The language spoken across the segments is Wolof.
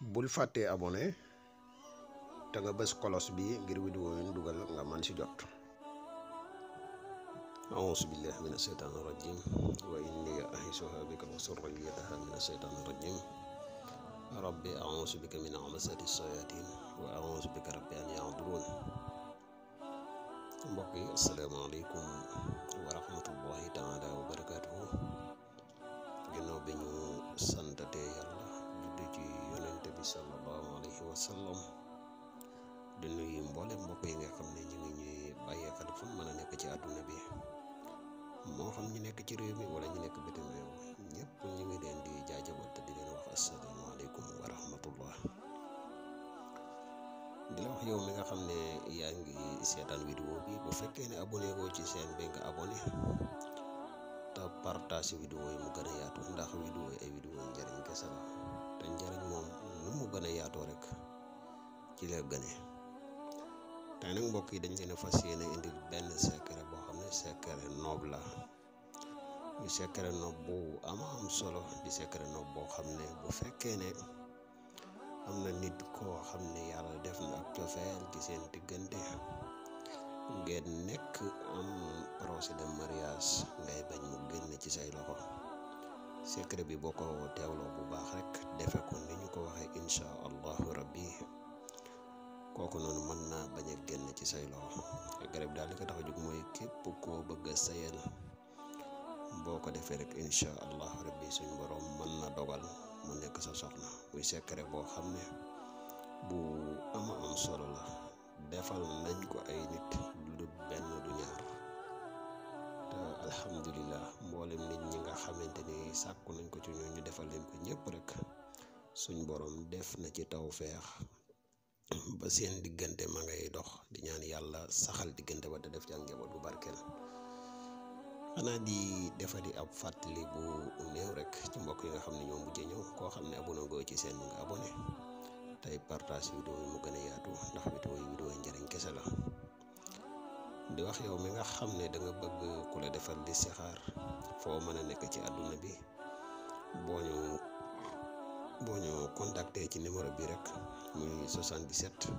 bul faté abonné da nga bëss kolos bi ngir vidéo yi duggal nga man ci jot أعوذ بالله من الشيطان الرجيم وإني أعيشها بك وسريتها من الشيطان الرجيم ربي أعوذ بك من عمسة الشياطين وأعوذ بك ربي أن يعذرون mbokk yi wa rahmatullahi taala wa nabi sallallahu alaihi wasallam sallam di nuyu mbokk yi nga xamné ñi ngi ñuy bàyyee xel fu mën a nekk ci aduna bi mo xam ñi nek ci réew mi wala ya, ñi nek bitim réew ñepp ñi ngi leen di jaajeewal te di leen wax assalamu alaykum wa rahmatullah di la wax yow mi nga xam ne yaa ngi seetaan vidéo bi bu fekkee ne abonné koo ci seen bi nga abonné te partage vidéo yi mu gën a yaatu ndax vidéo eh, yi ay vidéo njëriñ kese la te njëriñ moom lu mu gën a yaatoo rek ci la gëne te nag mbokk yi dañ leen a fas yéene indi benn secret boo xam ne secret noob la ñu secret noob bu am am solo di secret noob boo xam ne bu fekkee ne am na nit koo xam ne yàlla def na ak cofeel ci seen diggante ngeen nekk am procès de ngay bañ mu génn ci say loxo secret bi boo ko teewloo bu baax rek defe ko ni ñu ko waxee insha allahu rabbi kooku noonu mën naa bañ a génn ci say loxo garab daal li ko tax a jóg mooy képp koo bëgg a sayal boo ko defee rek insha allahu rabbi suñ borom mën na dogal mu nekk sa soxna muy secret boo xam ne bu ama am solo la defal nañ ko ay nit lu benn du ñaar alhamdulillah mboolem nit ñi nga xamanteni sakku nañ ko ci ñun ñu defal leen ko ñëpp rek suñ borom def na ci tawfeex ba seen digënté ma ngay dox di ñaan yalla saxal digënté ba def ci ak njaboot barkel di defali ab fatali bu neew rek ci mbokk yi nga xamni ne ñoom mujjee ñëw koo xam ne go ci seen nga abonné tay partage video mu gëna yaatu ndax video yi kese la di wax yow mi nga xamne da nga bëgg ku la defal di foo fo mëna nek ci aduna bi boo ñu contacté ci numéro bi rek muy 77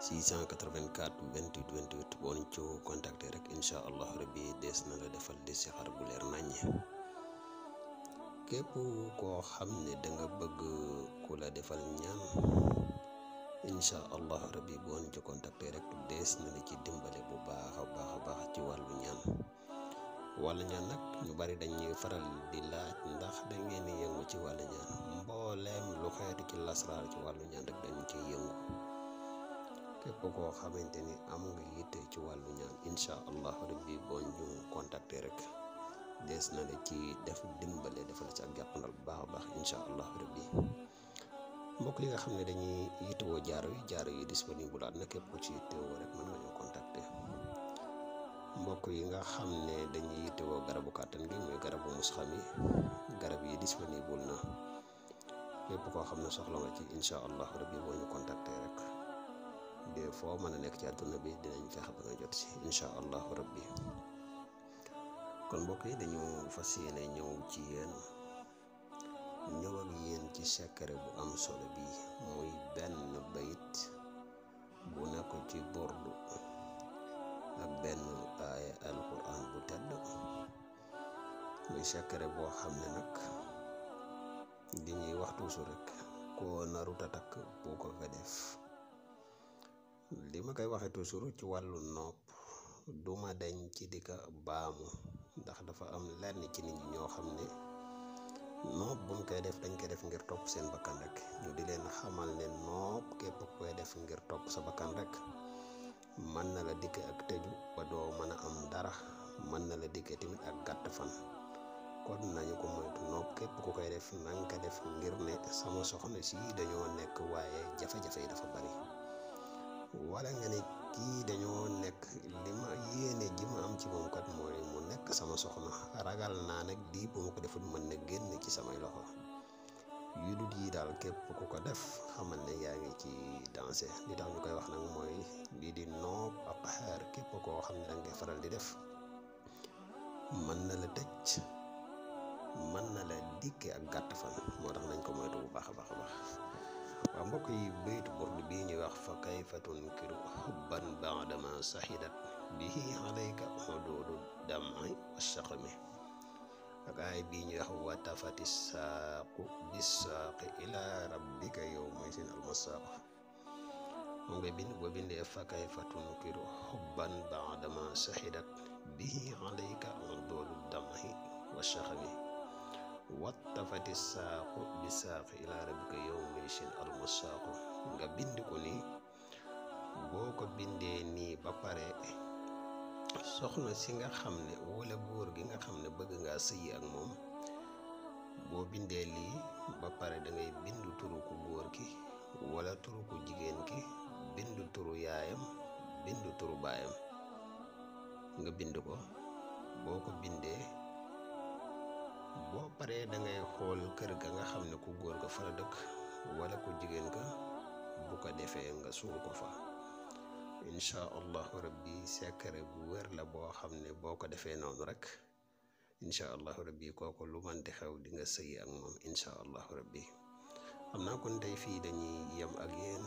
684 28 28 boo ci contacté rek insha allah rabbi des na la defal di listixaar bu leer nañ képp ko xamne da nga bëgg ku la defal ñaan insha allah rabbi bon ci contacté rek dees na ci dimbalé bu baax a baax baax ci walu ñaan walu ñaan nak ñu bari ñuy faral di laaj ndax da ngeen di yëngu ci walu ñaan mbolem lu xéetu ci lasraar ci walu ñaan rek dañ ci yëngu képp ko xamanteni am gitu nga yitté ci walu ñaan insha allah rabbi bon ñu contacté rek des na la ci def dimbalé defal ci ak jappal bu baax baax insha allah rabbi mbokk li nga xamne dañuy dañuy wo jaar yi jaar yi disponible at na képp ku ci wo rek mën nga ñoo contacter mbokk yi nga xamne dañuy dañuy wo garabu kàttan bi mooy garabu musxam garab yi disponible na lépp ko xamne soxla nga ci incha allah rabbi boo ñu contacter rek de foo mën a nekk ci àdduna bi dinañ fexe ba nga jot ci incha allah rabbi kon mbokk yi dañu fas yéene ñëw ci yéen ñëw ak yéen ci secret bu am solo bii muy benn bayit bu ne ci burdu ak benn aaya alquran bu tedd muy secret boo xam ne nag di ñuy waxtu su rek koo narut a takk bu ko ko def li ma koy waxee toujours ci wàllu nopp duma dañ ci di ko baamu ndax dafa am lenn ci nit ñi ñoo xam ne nopp bu mu koy def dañ koy def ngir top sen bakkan rek ñu di leen xamal ne noob képp koy def ngir top sa bakkan rek mën na la dikk ak tëju ba doo mën a am dara mën na la dikk tamit ak gàtt fan kon nañu ko moytu noob képp ku koy def nang ka def ngir ne sama soxna si dañoo nekk waaye jafe-jafe dafa bari wala nga ne kii dañoo nekk li ma yéene ji ma am ci moom kat mooy mu nekk sama soxna ragal naa nag di bu ma ko deful mën na génn ci samay loxo yu dut yi daal képp ku ko def xamal ne yaa ngi ci dansé li tax ñu koy wax nag mooy lii di noob ak xaar képp koo xam ne danga koy faral di def mën na la tëj mën na la dikke ak gàtt fan moo tax nañ ko moytu bu baax a baax a baax waaw mbokk yi baytu burdu bii ñuy wax fa kayfa tunkiru hubban baadama saxidat bihi alayka xuduudu dam'i wa saqmi ak aay bii ñuy wax watafati saaqu bisaaqi ila rabbika yow mooy almasaaq mu bind boo bindee fa kayfa tunkiru xubban baadama saxidat bihi alayka doolu wa shaxami watafati saaqu bisaaqi ila rabbika yow mooy seen almasaaq nga bind ko nii bindee nii ba soxna si nga xam ne wala góor gi nga xam ne bëgg ngaa sëyi ak moom boo bindee lii ba pare da bind bindu turu ku góor ki walla turu ku jigéen ki bindu turu yaayam bindu turu baayam nga bind ko boo ko bindee boo paree dangay ngay xool kër ga nga xam ne ku góor ga fa la dëkk wala ku jigéen ka bu ko defee nga suul ko fa insha allah rabbi secret bu wer la boo xam ne boo ko defee noonu rek insha allah rabbi kooku lu man di xew di nga sëy ak moom insha allah rabbi am naa kon tey fii dañuy yem ak yéen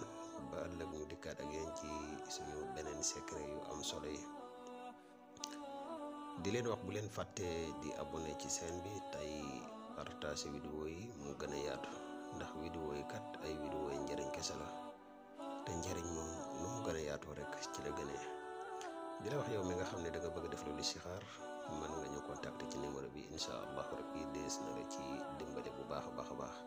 ba ëllëg ñu dikkaat ak yéen ci suñu beneen secret yu am solo yi di leen wax bu leen fàtte di abonné ci seen bi tey partage vidéo yi mu gën a yaatu ndax vidéo yi kat ay vidéo yi njëriñ kese te njariñ moom lu mu gën a yaatoo rek ci la gën a di la wax yow mi nga xam ne da bëgg def lu listixaar mën nga ñu contacter ci numéro bi incha allah rabbi dees na la ci dimbale bu baax a baax a baax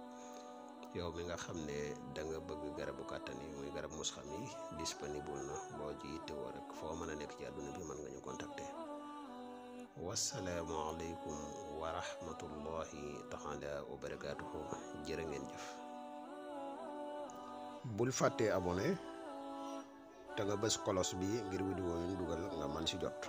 yow mi nga xam ne da nga bëgg garabu kàttani muy garab musxam yi disponible na boo ji ittewoo rek foo mën a nekk ci àdduna bi mën nga ñu contacter wasalaamualeykum wa rahmatullahi taala wa jër a ngeen jëf bul fàttee abonné te nga bés kolos bi ngir vidéo yi ñu dugal nga man ci jot